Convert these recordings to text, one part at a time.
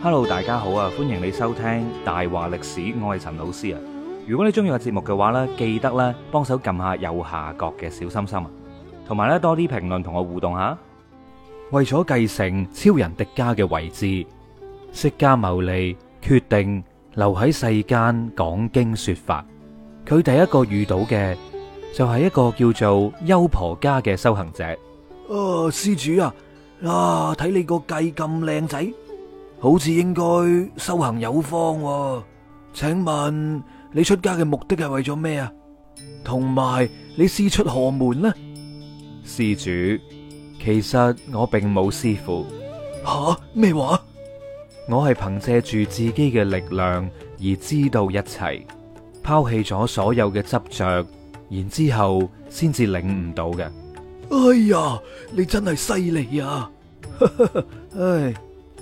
Hello，大家好啊，歡迎你收聽大話歷史，我係陳老師啊。如果你中意個節目嘅話呢，記得咧幫手撳下右下角嘅小心心啊，同埋呢多啲評論同我互動下。為咗繼承超人迪迦嘅位置，釋迦牟尼，決定留喺世間講經說法。佢第一個遇到嘅就係、是、一個叫做優婆家嘅修行者。啊、哦，施主啊，啊，睇你個計咁靚仔！好似應該修行有方喎，啊？請問你出家嘅目的係為咗咩啊？同埋你師出何門呢？施主，其實我並冇師父。吓？咩話？我係憑借住自己嘅力量而知道一切，拋棄咗所有嘅執着，然之後先至領悟到嘅。哎呀，你真係犀利呀！ 唉。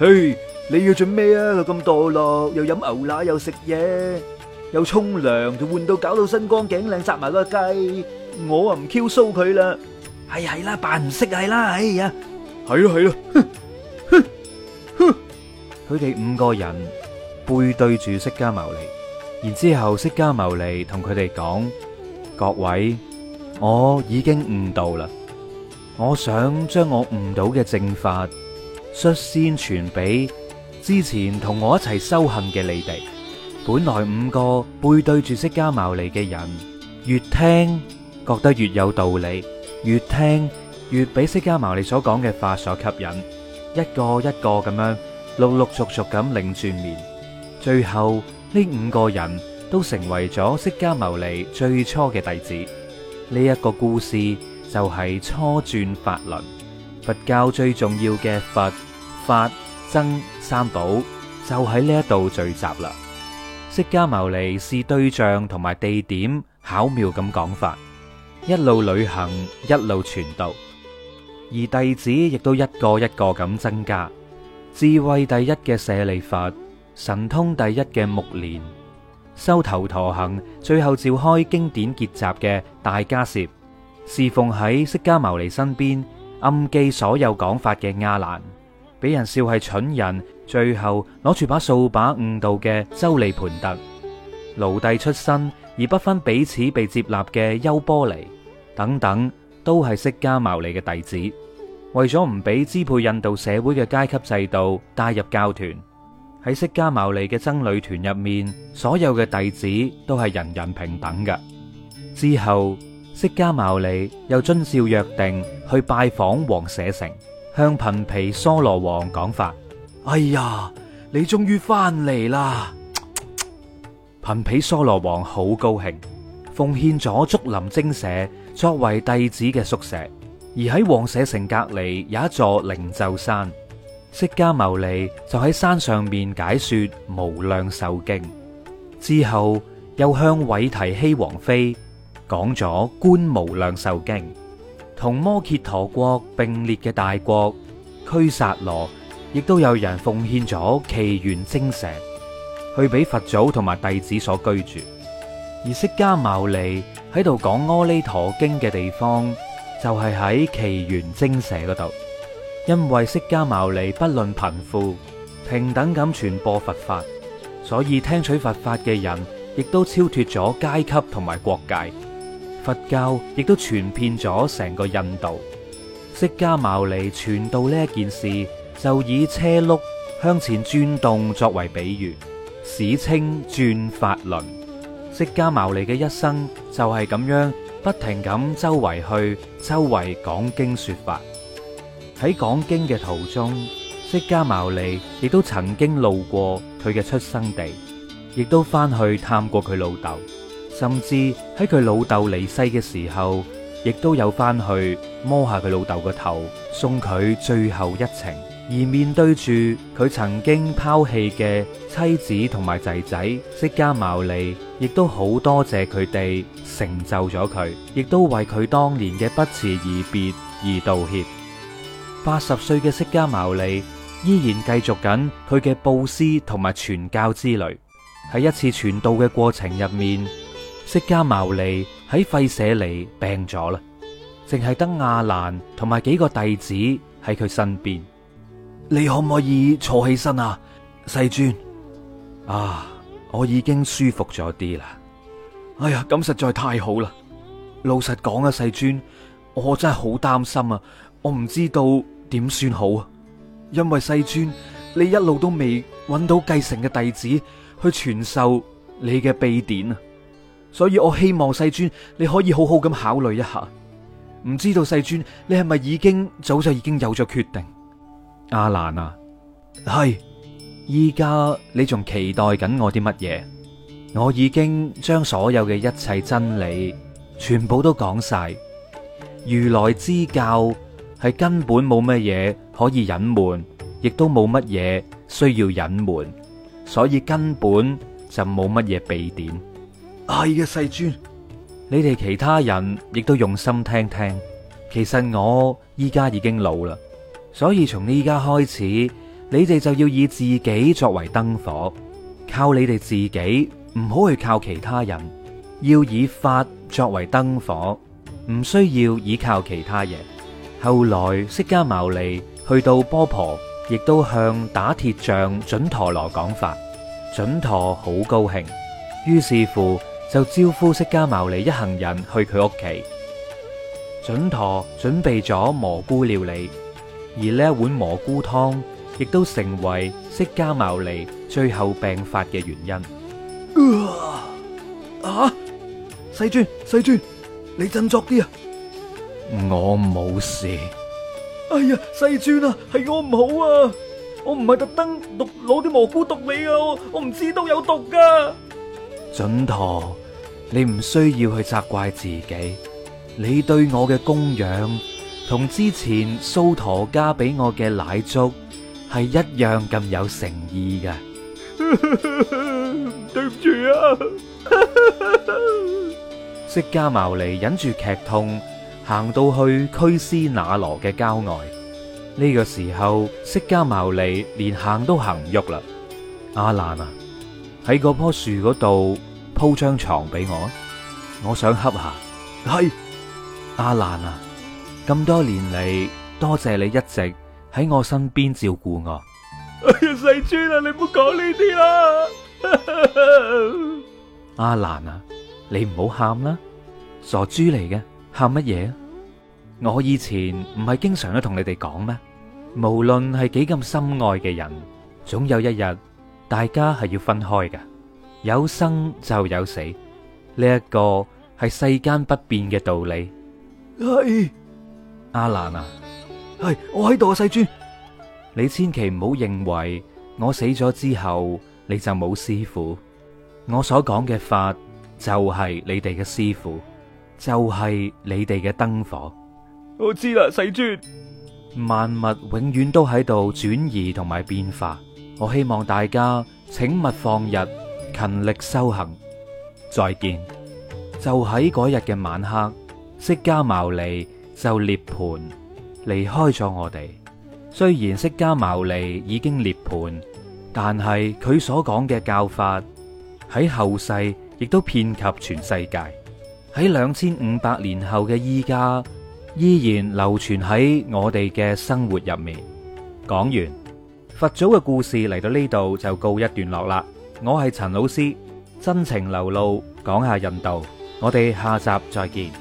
嘿，你要做咩啊？咁墮落，又飲牛奶，又食嘢，又沖涼，就換到搞到身光頸靚，紮埋個雞，我啊唔 Q 蘇佢啦！係係啦，扮唔識係啦，哎呀，係啦係啦，哼哼哼，佢哋五個人背對住釋迦牟尼，然之後釋迦牟尼同佢哋講：各位，我已經悟到啦，我想將我悟到嘅正法。率先傳俾之前同我一齊修行嘅你哋，本來五個背對住釋迦牟尼嘅人，越聽覺得越有道理，越聽越俾釋迦牟尼所講嘅法所吸引，一個一個咁樣陸陸續續咁擰轉面，最後呢五個人都成為咗釋迦牟尼最初嘅弟子。呢一個故事就係初轉法輪。佛教最重要嘅佛法僧三寶就喺呢一度聚集啦。釋迦牟尼是對象同埋地點，巧妙咁講法，一路旅行，一路傳道，而弟子亦都一個一個咁增加。智慧第一嘅舍利佛，神通第一嘅目連，修頭陀行，最後召開經典結集嘅大迦葉，侍奉喺釋迦牟尼身邊。暗記所有講法嘅阿難，俾人笑係蠢人；最後攞住把掃把悟道嘅周利槃特，奴隸出身而不分彼此被接納嘅優波離，等等，都係釋迦牟尼嘅弟子。為咗唔俾支配印度社會嘅階級制度帶入教團，喺釋迦牟尼嘅僧侶團入面，所有嘅弟子都係人人平等嘅。之後。釋迦牟尼又遵照約定去拜訪王舍城，向頻毗娑羅王講法。哎呀，你終於翻嚟啦！頻毗娑羅王好高興，奉獻咗竹林精舍作為弟子嘅宿舍。而喺王舍城隔離有一座靈鷲山，釋迦牟尼就喺山上面解說無量壽經。之後又向韋提希王妃。講咗觀無量壽經，同摩羯陀國並列嘅大國拘薩羅，亦都有人奉獻咗奇緣精舍去俾佛祖同埋弟子所居住。而釋迦牟尼喺度講阿彌陀經嘅地方，就係、是、喺奇緣精舍嗰度。因為釋迦牟尼不論貧富平等咁傳播佛法，所以聽取佛法嘅人亦都超脫咗階級同埋國界。佛教亦都傳遍咗成個印度。釋迦牟尼傳道呢一件事，就以車轆向前轉動作為比喻，史稱轉法輪。釋迦牟尼嘅一生就係咁樣，不停咁周圍去，周圍講經說法。喺講經嘅途中，釋迦牟尼亦都曾經路過佢嘅出生地，亦都翻去探過佢老豆。甚至喺佢老豆離世嘅時候，亦都有翻去摸下佢老豆個頭，送佢最後一程。而面對住佢曾經拋棄嘅妻子同埋仔仔，釋迦牟尼亦都好多謝佢哋成就咗佢，亦都為佢當年嘅不辭而別而道歉。八十歲嘅釋迦牟尼依然繼續緊佢嘅布施同埋傳教之旅。喺一次傳道嘅過程入面，釋迦牟尼喺費舍里病咗啦，淨係得亞蘭同埋幾個弟子喺佢身邊。你可唔可以坐起身啊，世尊？啊，我已經舒服咗啲啦。哎呀，咁實在太好啦。老實講啊，世尊，我真係好擔心啊。我唔知道點算好啊，因為世尊你一路都未揾到繼承嘅弟子去傳授你嘅秘典啊。所以我希望世尊，你可以好好咁考慮一下。唔知道世尊，你係咪已經早就已經有咗決定？阿難啊，係依家你仲期待緊我啲乜嘢？我已經將所有嘅一切真理，全部都講晒。如來之教係根本冇乜嘢可以隱瞞，亦都冇乜嘢需要隱瞞，所以根本就冇乜嘢避點。係嘅，世尊。你哋其他人亦都用心聽聽。其實我依家已經老啦，所以從呢家開始，你哋就要以自己作為燈火，靠你哋自己，唔好去靠其他人，要以法作為燈火，唔需要依靠其他嘢。後來釋迦牟尼去到波婆，亦都向打鐵匠準陀羅講法，準陀好高興，於是乎。就招呼釋迦牟尼一行人去佢屋企，準陀準備咗蘑菇料理，而呢一碗蘑菇湯亦都成為釋迦牟尼最後病發嘅原因。啊！啊！世尊，世尊，你振作啲啊！我冇事。哎呀，世尊啊，係我唔好啊！我唔係特登毒攞啲蘑菇毒你噶，我唔知道有毒噶。準陀。你唔需要去責怪自己，你對我嘅供養同之前蘇陀加俾我嘅奶粥係一樣咁有誠意嘅。 對唔不住起啊！ 釋迦牟尼忍住劇痛，行到去拘尸那羅嘅郊外。呢個時候，釋迦牟尼連行都行唔喐啦。阿難啊，喺嗰棵樹嗰度。鋪張床俾我啊！我想瞌下。係阿蘭啊，咁多年嚟，多謝你一直喺我身邊照顧我。哎呀，細豬啊，你唔好講呢啲啦。阿蘭啊，你唔好喊啦，傻豬嚟嘅，喊乜嘢啊？我以前唔係經常都同你哋講咩？無論係幾咁深愛嘅人，總有一日大家係要分開㗎。有生就有死，呢一個係世間不變嘅道理。係阿蘭啊，係我喺度啊，世尊，你千祈唔好認為我死咗之後你就冇師傅。我所講嘅法就係你哋嘅師傅，就係你哋嘅燈火。我知啦，世尊。萬物永遠都喺度轉移同埋變化。我希望大家請勿放日。勤力修行，再見。就喺嗰日嘅晚黑，釋迦牟尼就涅槃離開咗我哋。雖然釋迦牟尼已經涅槃，但係佢所講嘅教法喺後世亦都遍及全世界。喺兩千五百年後嘅依家，依然流傳喺我哋嘅生活入面。講完佛祖嘅故事嚟，到呢度就告一段落啦。我係陳老師，真情流露，講下印度，我哋下集再見。